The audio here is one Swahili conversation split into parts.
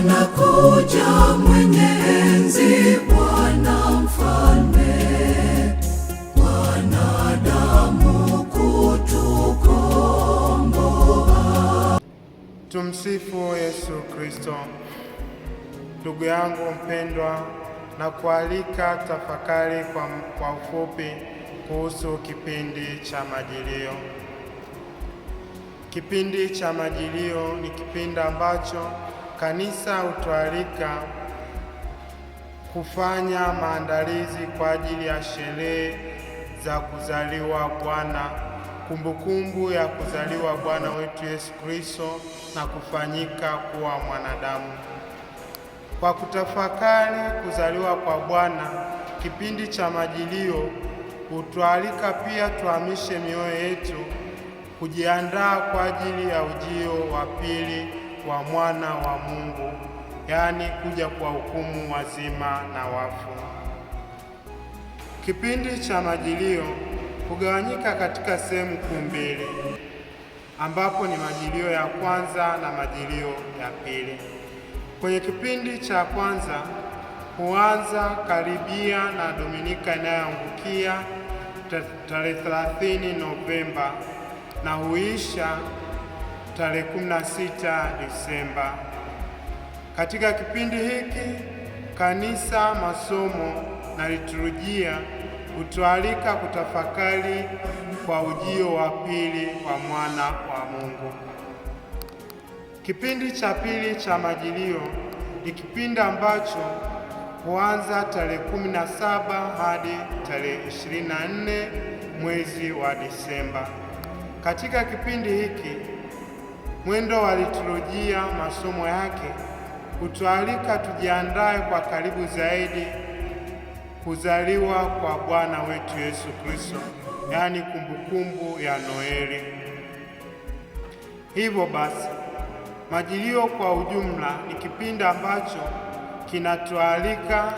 anakuja mwenye enzi, Bwana mfalme, wanadamu kutukomboa. Tumsifu Yesu Kristo. Ndugu yangu mpendwa, na kualika tafakari kwa, kwa ufupi kuhusu kipindi cha Majilio. Kipindi cha Majilio ni kipindi ambacho kanisa hutwalika kufanya maandalizi kwa ajili ya sherehe za kuzaliwa Bwana, kumbukumbu ya kuzaliwa Bwana wetu Yesu Kristo na kufanyika kuwa mwanadamu. Kwa kutafakari kuzaliwa kwa Bwana, kipindi cha Majilio hutwalika pia tuhamishe mioyo yetu kujiandaa kwa ajili ya ujio wa pili wa mwana wa Mungu, yaani kuja kwa hukumu wazima na wafu. Kipindi cha majilio hugawanyika katika sehemu kuu mbili, ambapo ni majilio ya kwanza na majilio ya pili. Kwenye kipindi cha kwanza huanza karibia na Dominika inayoangukia tarehe 30 Novemba na huisha tarehe 16 Desemba. Katika kipindi hiki kanisa, masomo na liturujia hutualika kutafakari kwa ujio wa pili wa mwana wa Mungu. Kipindi cha pili cha Majilio ni kipindi ambacho huanza tarehe 17 hadi tarehe 24 mwezi wa Desemba. Katika kipindi hiki Mwendo wa liturujia masomo yake hutualika tujiandae kwa karibu zaidi kuzaliwa kwa Bwana wetu Yesu Kristo, yaani kumbukumbu ya Noeli. Hivyo basi, majilio kwa ujumla ni kipindi ambacho kinatualika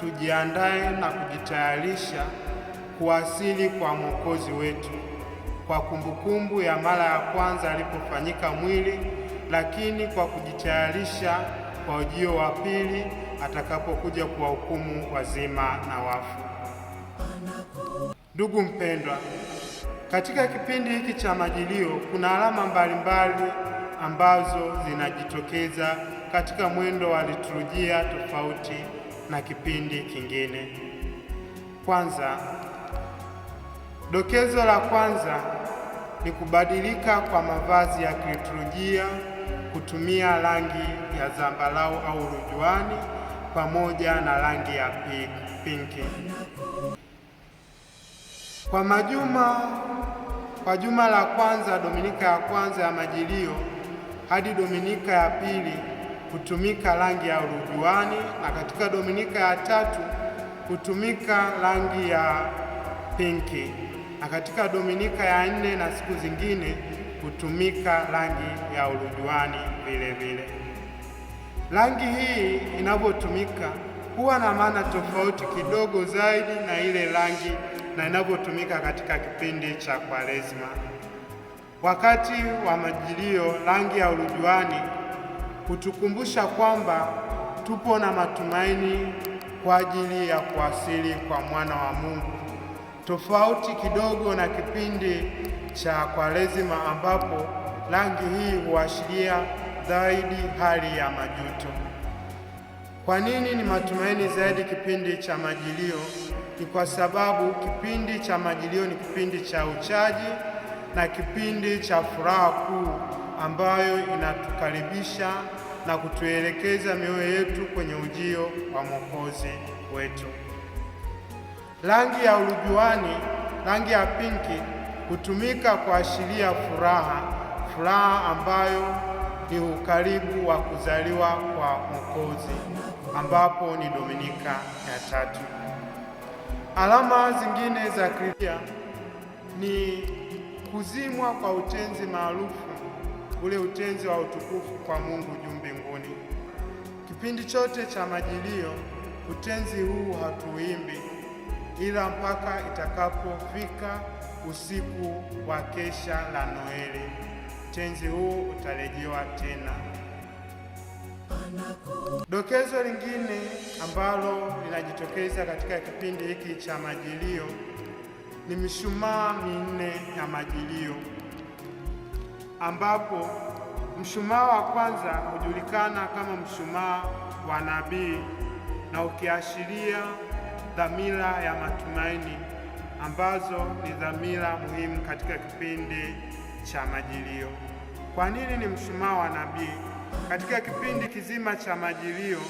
tujiandae na kujitayarisha kuwasili kwa Mwokozi wetu kwa kumbukumbu ya mara ya kwanza alipofanyika mwili, lakini kwa kujitayarisha kwa ujio wa pili atakapokuja kuwahukumu wazima na wafu. Ndugu mpendwa, katika kipindi hiki cha Majilio kuna alama mbalimbali ambazo zinajitokeza katika mwendo wa liturujia tofauti na kipindi kingine. Kwanza, dokezo la kwanza ni kubadilika kwa mavazi ya kiliturujia kutumia rangi ya zambarau au rujuani pamoja na rangi ya pinki. Kwa majuma kwa juma la kwanza, dominika ya kwanza ya Majilio hadi dominika ya pili hutumika rangi ya rujuani na katika dominika ya tatu hutumika rangi ya pinki na katika dominika ya nne na siku zingine hutumika rangi ya urujuani vile vile. Rangi hii inavyotumika huwa na maana tofauti kidogo zaidi na ile rangi na inavyotumika katika kipindi cha Kwaresma. Wakati wa Majilio, rangi ya urujuani hutukumbusha kwamba tupo na matumaini kwa ajili ya kuwasili kwa mwana wa Mungu tofauti kidogo na kipindi cha Kwaresima ambapo rangi hii huashiria zaidi hali ya majuto. Kwa nini ni matumaini zaidi kipindi cha Majilio? Ni kwa sababu kipindi cha Majilio ni kipindi cha uchaji na kipindi cha furaha kuu ambayo inatukaribisha na kutuelekeza mioyo yetu kwenye ujio wa Mwokozi wetu. Rangi ya urujuani, rangi ya pinki hutumika kuashiria furaha, furaha ambayo ni ukaribu wa kuzaliwa kwa Mwokozi, ambapo ni Dominika ya tatu. Alama zingine za Kristo ni kuzimwa kwa utenzi maarufu, ule utenzi wa utukufu kwa Mungu juu mbinguni. Kipindi chote cha Majilio utenzi huu hatuimbi ila mpaka itakapofika usiku wa kesha la Noeli, tenzi huu utarejewa tena. Dokezo lingine ambalo linajitokeza katika kipindi hiki cha majilio ni mishumaa minne ya majilio, ambapo mshumaa wa kwanza hujulikana kama mshumaa wa nabii na ukiashiria dhamira ya matumaini ambazo ni dhamira muhimu katika kipindi cha Majilio. Kwa nini ni mshumaa wa nabii? Katika kipindi kizima cha Majilio,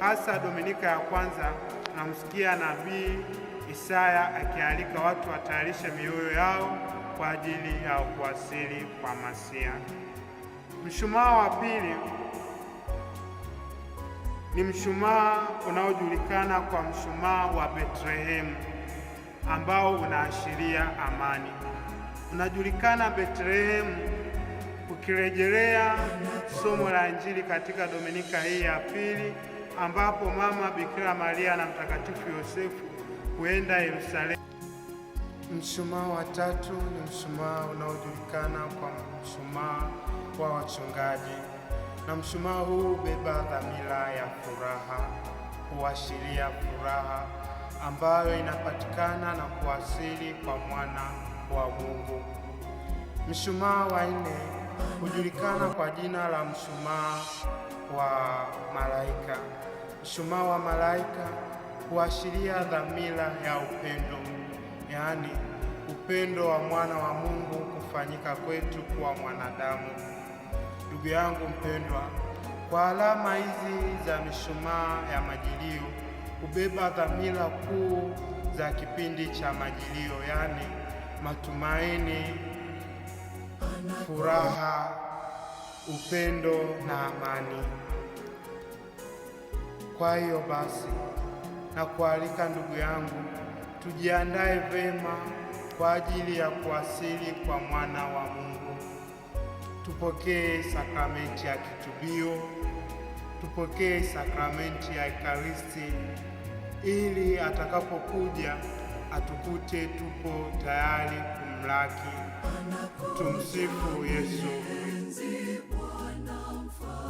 hasa Dominika ya kwanza, tunamsikia nabii Isaya akialika watu watayarishe mioyo yao kwa ajili ya kuwasili kwa Masia. Mshumaa wa pili ni mshumaa unaojulikana kwa mshumaa wa Betlehemu ambao unaashiria amani. Unajulikana Betlehemu ukirejelea somo la Injili katika Dominika hii ya pili ambapo mama Bikira Maria na mtakatifu Yosefu huenda Yerusalemu. Mshumaa wa tatu ni mshumaa unaojulikana kwa mshumaa wa wachungaji na mshumaa huu hubeba dhamira ya furaha, kuashiria furaha ambayo inapatikana na kuasili kwa mwana wa Mungu. Mshumaa wa nne hujulikana kwa jina la mshumaa wa malaika. Mshumaa wa malaika huashiria dhamira ya upendo, yaani upendo wa mwana wa Mungu kufanyika kwetu kuwa mwanadamu ndugu yangu mpendwa, kwa alama hizi za mishumaa ya majilio hubeba dhamira kuu za kipindi cha majilio, yaani matumaini, furaha, upendo na amani. Kwa hiyo basi, na kualika ndugu yangu, tujiandae vema kwa ajili ya kuwasili kwa mwana wa Mungu tupokee sakramenti ya kitubio, tupokee sakramenti ya Ekaristi ili atakapokuja atukute tupo tayari kumlaki. Tumsifu Yesu.